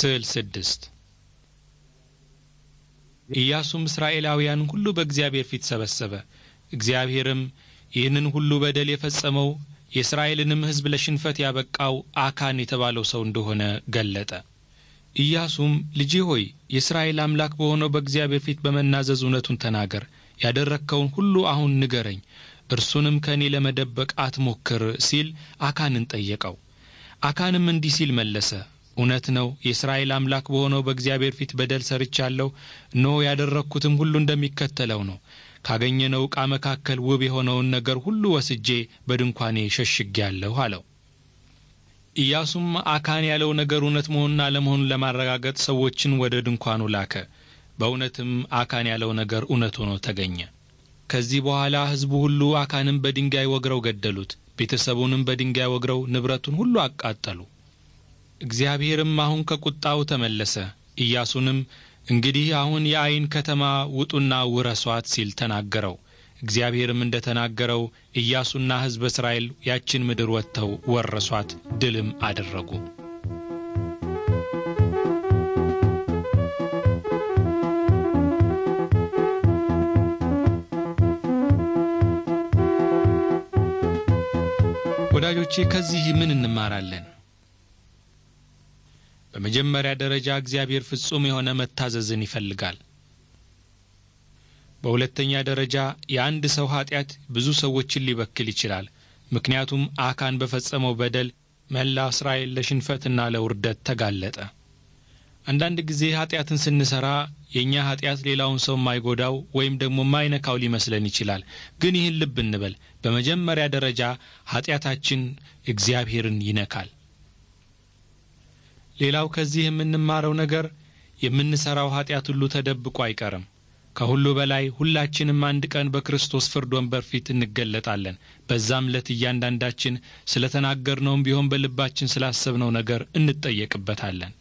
ስዕል ስድስት ኢያሱም እስራኤላውያን ሁሉ በእግዚአብሔር ፊት ሰበሰበ። እግዚአብሔርም ይህንን ሁሉ በደል የፈጸመው የእስራኤልንም ሕዝብ ለሽንፈት ያበቃው አካን የተባለው ሰው እንደሆነ ገለጠ። ኢያሱም ልጄ ሆይ የእስራኤል አምላክ በሆነው በእግዚአብሔር ፊት በመናዘዝ እውነቱን ተናገር፣ ያደረግከውን ሁሉ አሁን ንገረኝ፣ እርሱንም ከእኔ ለመደበቅ አትሞክር ሲል አካንን ጠየቀው። አካንም እንዲህ ሲል መለሰ፣ እውነት ነው የእስራኤል አምላክ በሆነው በእግዚአብሔር ፊት በደል ሰርቻለሁ። እነሆ ያደረግኩትም ሁሉ እንደሚከተለው ነው። ካገኘነው ዕቃ መካከል ውብ የሆነውን ነገር ሁሉ ወስጄ በድንኳኔ ሸሽጌያለሁ አለው። ኢያሱም አካን ያለው ነገር እውነት መሆኑን አለመሆኑን ለማረጋገጥ ሰዎችን ወደ ድንኳኑ ላከ። በእውነትም አካን ያለው ነገር እውነት ሆኖ ተገኘ። ከዚህ በኋላ ሕዝቡ ሁሉ አካንም በድንጋይ ወግረው ገደሉት። ቤተሰቡንም በድንጋይ ወግረው ንብረቱን ሁሉ አቃጠሉ። እግዚአብሔርም አሁን ከቁጣው ተመለሰ። ኢያሱንም እንግዲህ አሁን የአይን ከተማ ውጡና ውረሷት ሲል ተናገረው። እግዚአብሔርም እንደ ተናገረው ኢያሱና ሕዝብ እስራኤል ያችን ምድር ወጥተው ወረሷት፣ ድልም አደረጉ። ወዳጆቼ ከዚህ ምን እንማራለን? በመጀመሪያ ደረጃ እግዚአብሔር ፍጹም የሆነ መታዘዝን ይፈልጋል። በሁለተኛ ደረጃ የአንድ ሰው ኃጢአት ብዙ ሰዎችን ሊበክል ይችላል። ምክንያቱም አካን በፈጸመው በደል መላ እስራኤል ለሽንፈትና ለውርደት ተጋለጠ። አንዳንድ ጊዜ ኃጢአትን ስንሠራ የእኛ ኃጢአት ሌላውን ሰው የማይጎዳው ወይም ደግሞ የማይነካው ሊመስለን ይችላል። ግን ይህን ልብ እንበል። በመጀመሪያ ደረጃ ኃጢአታችን እግዚአብሔርን ይነካል። ሌላው ከዚህ የምንማረው ነገር የምንሰራው ኃጢአት ሁሉ ተደብቆ አይቀርም። ከሁሉ በላይ ሁላችንም አንድ ቀን በክርስቶስ ፍርድ ወንበር ፊት እንገለጣለን። በዛም ዕለት እያንዳንዳችን ስለ ተናገርነውም ቢሆን በልባችን ስላሰብነው ነገር እንጠየቅበታለን።